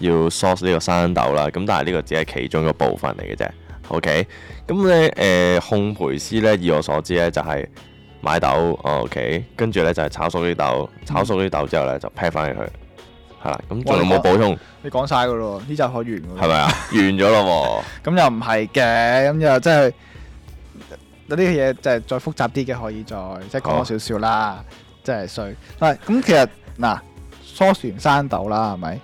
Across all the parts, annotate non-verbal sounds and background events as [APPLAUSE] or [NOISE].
要 source 呢個生豆啦，咁但係呢個只係其中一個部分嚟嘅啫，OK？咁咧誒，烘焙師咧，以我所知咧就係、是、買豆，OK？跟住咧就係、是、炒熟啲豆、嗯，炒熟啲豆之後咧就 pack 翻起佢，係啦。咁仲有冇補充？你講晒㗎咯，呢集可完㗎喎。係咪啊？完咗咯喎。咁又唔係嘅，咁又真係嗰啲嘢就係再複雜啲嘅，可以再即係、就是、講多少少啦，即係衰。但係咁，其實嗱 source 完生豆啦，係咪？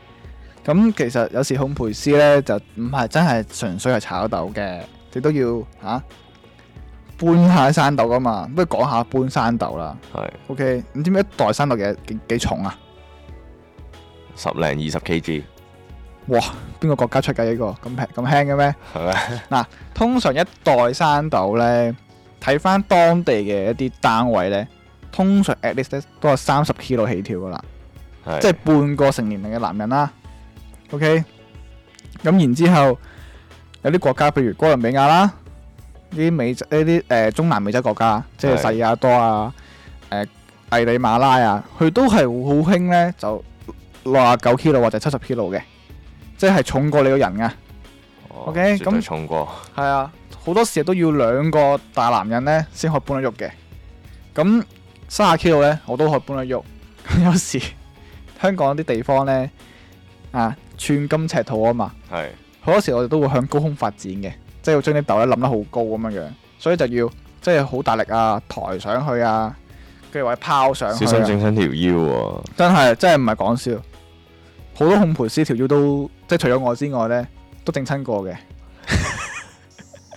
咁其實有時烘焙師咧，就唔係真係純粹係炒豆嘅，你都要嚇、啊、搬下生豆噶嘛。不如講下搬生豆啦。係。O K，你知唔知一袋生豆嘅幾幾重啊？十零二十 K G。哇！邊個國家出嘅呢、呢個咁咁輕嘅咩？係咩？嗱、啊，通常一袋生豆咧，睇翻當地嘅一啲單位咧，通常 at least 都係三十 K 到起跳噶啦，即係半個成年齡嘅男人啦。O K，咁然之後有啲國家，譬如哥倫比亞啦，呢啲美呢啲誒中南美洲國家，即係細亞多啊、誒危地馬拉、哦、okay, 啊，佢都係好興咧，就六啊九 kilo 或者七十 kilo 嘅，即係重過你個人啊。OK，咁重過係啊，好多時都要兩個大男人咧先可以搬得喐嘅。咁三啊 kilo 咧，我都可以搬得喐，有時香港啲地方咧啊～寸金尺土啊嘛，係好多時候我哋都會向高空發展嘅，即、就、係、是、要將啲豆咧冧得好高咁樣樣，所以就要即係好大力啊，抬上去啊，跟住或者拋上去，啊。小心整親條腰，啊，真係真係唔係講笑，好多烘焙師條腰都即係除咗我之外咧，都整親過嘅。 [LAUGHS]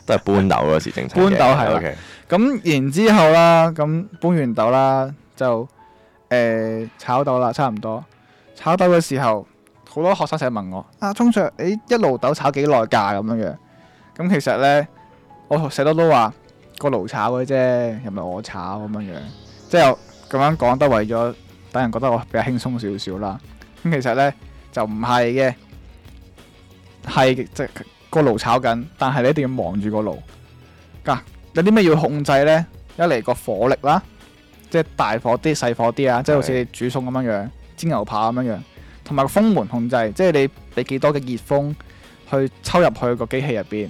都係搬豆嗰時整親。搬豆係，咁、okay。然之後啦，咁搬完豆啦，就誒、呃、炒豆啦，差唔多炒豆嘅時候。好多學生成日問我啊，聰 Sir，你一爐豆炒幾耐㗎咁樣樣？咁其實咧，我成日都都話個爐炒嘅啫，又唔係我炒咁樣樣，即係咁樣講都為咗等人覺得我比較輕鬆少少啦。咁其實咧就唔係嘅，係即係個爐炒緊，但係你一定要望住個爐。啊，有啲咩要控制咧？一嚟個火力啦，即係大火啲、細火啲啊，即係好似你煮餸咁樣樣，煎牛扒咁樣樣。同埋個風門控制，即係你俾幾多嘅熱風去抽入去個機器入邊。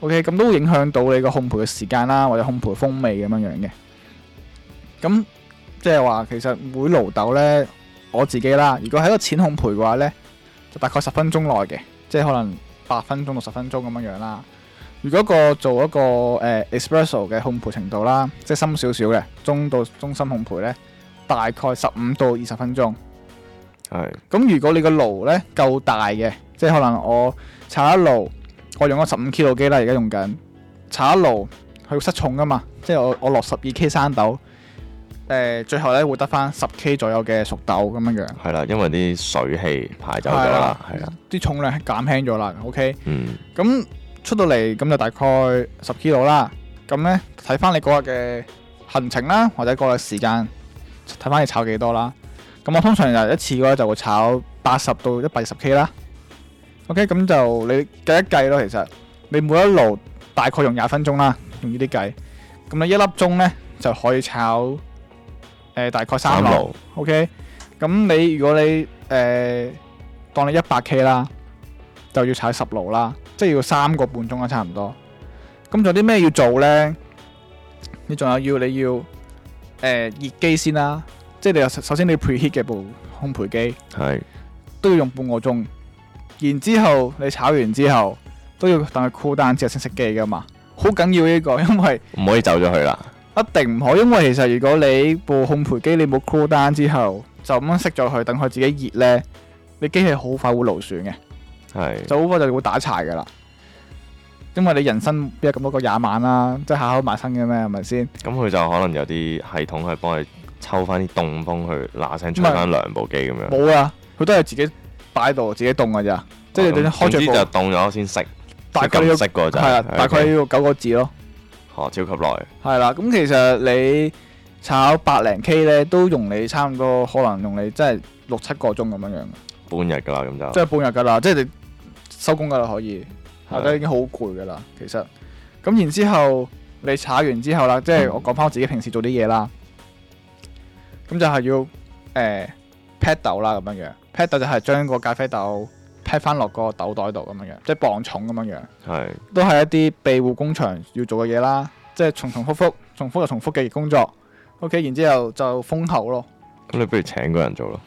OK，咁都會影響到你個烘焙嘅時間啦，或者烘焙風味咁樣樣嘅。咁即係話，其實每爐豆呢，我自己啦，如果喺一個淺烘焙嘅話呢，就大概十分鐘內嘅，即係可能八分鐘到十分鐘咁樣樣啦。如果個做一個誒、呃、Espresso 嘅烘焙程度啦，即係深少少嘅中到中深烘焙呢，大概十五到二十分鐘。係、嗯，咁如果你個爐咧夠大嘅，即係可能我炒一爐，我用咗十五 kilo 機啦，而家用緊炒一爐，佢會失重噶嘛，即係我我落十二 k 生豆，誒、呃，最後咧會得翻十 k 左右嘅熟豆咁樣樣。係啦，因為啲水氣排走咗啦，係啦，啲、嗯、重量減輕咗啦，OK、嗯。咁出到嚟咁就大概十 kilo 啦，咁咧睇翻你嗰日嘅行程啦，或者嗰日時間，睇翻你炒幾多啦。咁我通常就一次嘅話就會炒八十到一百二十 K 啦。OK，咁就你計一計咯，其實你每一爐大概用廿分鐘啦，用呢啲計。咁你一粒鐘呢就可以炒、呃、大概三爐。OK，咁你如果你誒、呃、當你一百 K 啦，就要炒十爐啦，即係要三個半鐘啦，差唔多。咁仲有啲咩要做呢？你仲有要你要誒熱機先啦。即係你又首先你 pre-heat 嘅部烘焙機，係都要用半個鐘，然之後你炒完之後都要等佢 cool down 之後先熄機噶嘛，好緊要呢一個，因為唔可以走咗去啦，一定唔可以，因為其實如果你部烘焙機你冇 cool down 之後就咁樣熄咗佢，等佢自己熱呢，你機器好快會勞損嘅，係就好快就會打柴噶啦，因為你人生邊有咁多個廿萬啦，即係下下都買新嘅咩，係咪先？咁佢就可能有啲系統去幫你。抽翻啲凍風去嗱聲，吹翻兩部機咁樣。冇啊，佢都係自己擺度，自己凍噶咋。即係你樣？總之就凍咗先食，大概識個咋。係啊，大概要九個字咯。哦，超級耐。係啦，咁其實你炒百零 K 咧，都用你差唔多，可能用你即係六七個鐘咁樣樣。半日噶啦，咁就。即係半日噶啦，即係你收工噶啦，可以。大家都已經好攰噶啦，其實。咁然之後，你炒完之後啦、嗯，即係我講翻我自己平時做啲嘢啦。咁就係要誒 pack、呃、豆啦，咁樣樣 pack 豆就係將個咖啡豆 pack 翻落嗰個豆袋度，咁樣樣即係磅重咁樣樣，係都係一啲庇護工場要做嘅嘢啦，即係重重複複，重複又重複嘅工作。O、OK? K，然之後就封口咯。咁你不如請個人做咯。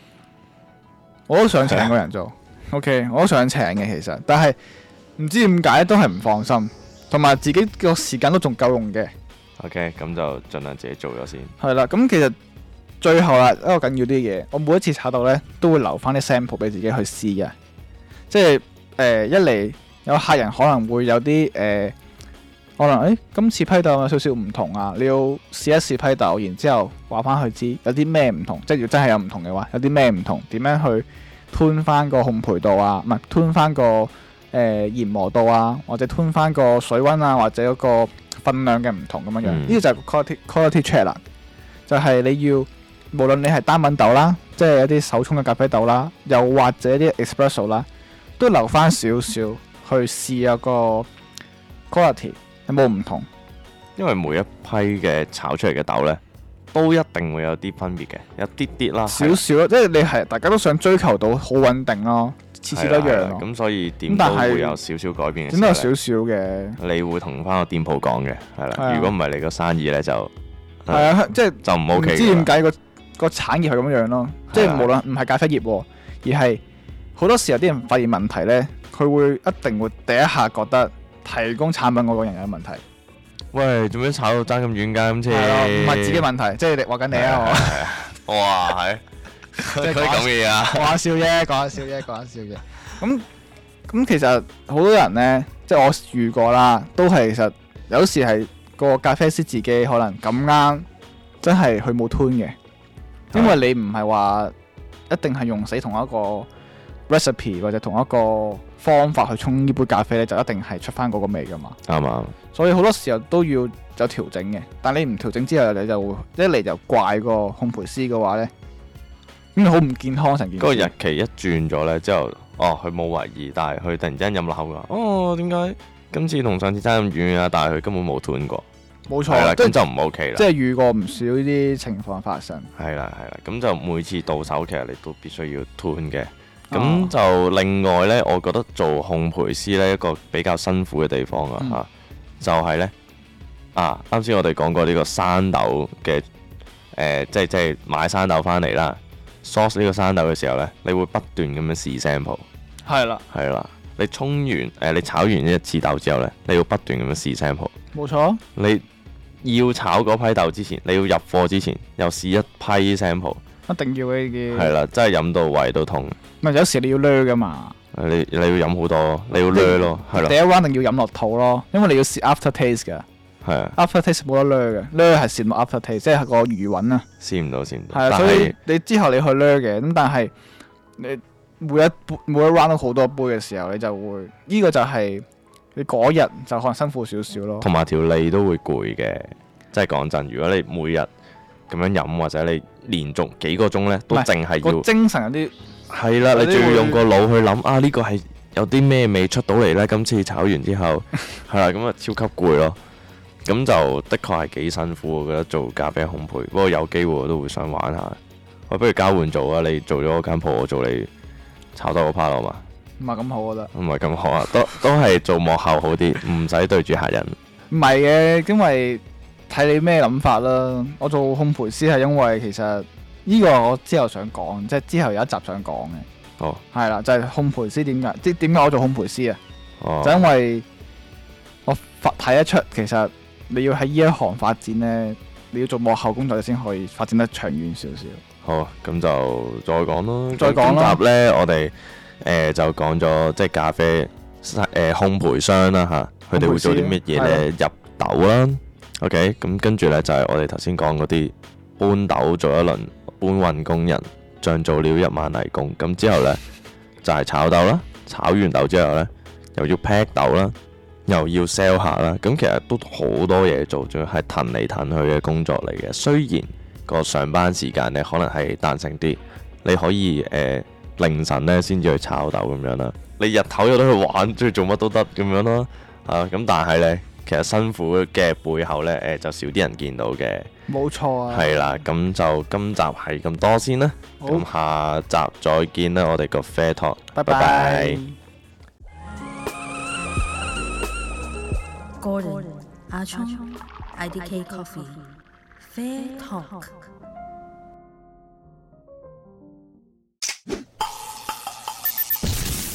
我都想請個人做。 [LAUGHS] o、OK, K，我都想請嘅，其實，但係唔知點解都係唔放心，同埋自己個時間都仲夠用嘅。O K，咁就盡量自己做咗先。係啦，咁其實。最後啦，一個緊要啲嘢，我每一次炒到呢，都會留翻啲 sample 俾自己去試嘅。即係、呃、一嚟有客人可能會有啲誒、呃，可能誒、欸、今次批豆有少少唔同啊，你要試一試批豆，然之後話翻佢知有啲咩唔同。即係要真係有唔同嘅話，有啲咩唔同，點樣去吞翻個烘焙度啊？唔係吞翻個誒、呃、研磨度啊，或者吞翻個水溫啊，或者嗰個份量嘅唔同咁樣樣。呢、嗯這個就係 quality check 啦，就係、是、你要。無論你係單品豆啦，即係一啲手沖嘅咖啡豆啦，又或者啲 Espresso 啦，都留翻少少去試下個 quality 有冇唔同。因為每一批嘅炒出嚟嘅豆咧，都一定會有啲分別嘅，有啲啲啦。少少，即係、啊啊、你係大家都想追求到好穩定咯，次次都一樣。咁、啊啊、所以點都會有少少改變嘅。是點都有少少嘅。你會同翻個店鋪講嘅，係啦、啊啊。如果唔係你個生意咧就係啊，即、嗯、係、啊、就唔、是、OK。唔知點解個個產業係咁樣咯，即係無論唔係咖啡業，而係好多時候啲人發現問題咧，佢會一定會第一下覺得提供產品嗰個人有問題。喂，做咩炒到爭咁遠㗎？係咯，唔係自己問題，即係你話緊你啊！我哇，係即係啲咁嘅嘢啊！講下笑啫，講下笑啫，講下笑啫。咁 [LAUGHS] 咁 [LAUGHS] 其實好多人咧，即係我遇過啦，都係其實有時係個咖啡師自己可能咁啱，真係佢冇吞嘅。因為你唔係話一定係用死同一個 recipe 或者同一個方法去沖呢杯咖啡咧，就一定係出翻嗰個味噶嘛。係嘛。所以好多時候都要有調整嘅。但你唔調整之後，你就會一嚟就怪個烘焙師嘅話咧，咁好唔健康成件事。嗰、嗰個日期一轉咗咧之後，哦，佢冇懷疑，但係佢突然之間飲口㗎。哦，點解今次同上次差咁遠啊？但係佢根本冇斷過。冇錯，咁就唔 OK 啦。即係、就是、遇過唔少呢啲情況發生。係啦，係啦，咁就每次到手，其實你都必須要攤嘅。咁、啊、就另外呢，我覺得做烘焙師呢，一個比較辛苦嘅地方、嗯、啊，就係、是、呢，啊，啱先我哋講過呢個生豆嘅，誒、呃，即係即係買生豆返嚟啦 source 呢個生豆嘅時候呢，你會不斷咁樣試 sample。係啦，係啦，你沖完誒、呃，你炒完呢一次豆之後呢，你要不斷咁樣試 sample。冇錯，你。要炒嗰批豆之前，你要入貨之前，又試一批 sample，一定要呢啲，係啦，真係飲到胃都痛。唔係有時你要掠噶嘛？你你要飲好多，你要掠咯，係啦。第一 round 定要飲落肚咯，因為你要試 after taste 噶。係啊，after taste 冇得掠嘅，掠係試冇 after taste，即係個餘韻啊。試唔到先。係啊，所以你之後你去掠嘅咁，但係你每一杯每一 round 都好多杯嘅時候，你就會呢、這個就係、是。你嗰日就可能辛苦少少咯，同埋條脷都會攰嘅。即係講真,真，如果你每日咁樣飲，或者你連續幾個鐘呢，都淨係要精神啲。係啦，你仲要用個腦去諗啊？呢個係有啲咩味出到嚟呢？今次炒完之後係啦，咁 [LAUGHS] 啊超級攰咯。咁就的確係幾辛苦，我覺得做咖啡烘焙。不過有機會我都會想玩下。我不如交換做啊？你做咗間鋪，我做你炒多個 part 啊嘛。唔係咁好，我覺得。唔係咁好啊，都都係做幕後好啲，唔 [LAUGHS] 使對住客人。唔係嘅，因為睇你咩諗法啦。我做烘焙師係因為其實呢個我之後想講，即係之後有一集想講嘅。哦，係啦，就係烘焙師點解？即係點解我做烘焙師啊、哦？就因為我發睇得出，其實你要喺呢一行發展呢，你要做幕後工作，你先可以發展得長遠少少。好、哦，咁就再講咯，再講啦。集呢我哋。誒、呃、就講咗即係咖啡誒烘焙商啦佢哋會做啲乜嘢呢入豆啦、嗯、，OK，咁跟住呢，就係、是、我哋頭先講嗰啲搬豆做一輪搬運工人，像做了一萬泥工咁之後呢，就係、是、炒豆啦，炒完豆之後呢，又要 pack 豆啦，又要 sell 下啦，咁其實都好多嘢做，仲要係騰嚟騰去嘅工作嚟嘅。雖然個上班時間呢可能係彈性啲，你可以誒。呃凌晨咧，先至去炒豆咁樣啦，你日頭有得去玩，中意做乜都得咁樣咯，啊咁但係咧，其實辛苦嘅背後咧，誒、欸、就少啲人見到嘅。冇錯啊。係啦，咁就今集係咁多先啦，咁下集再見啦，我哋個 fair talk，拜拜拜拜。Bye bye Gordan, 阿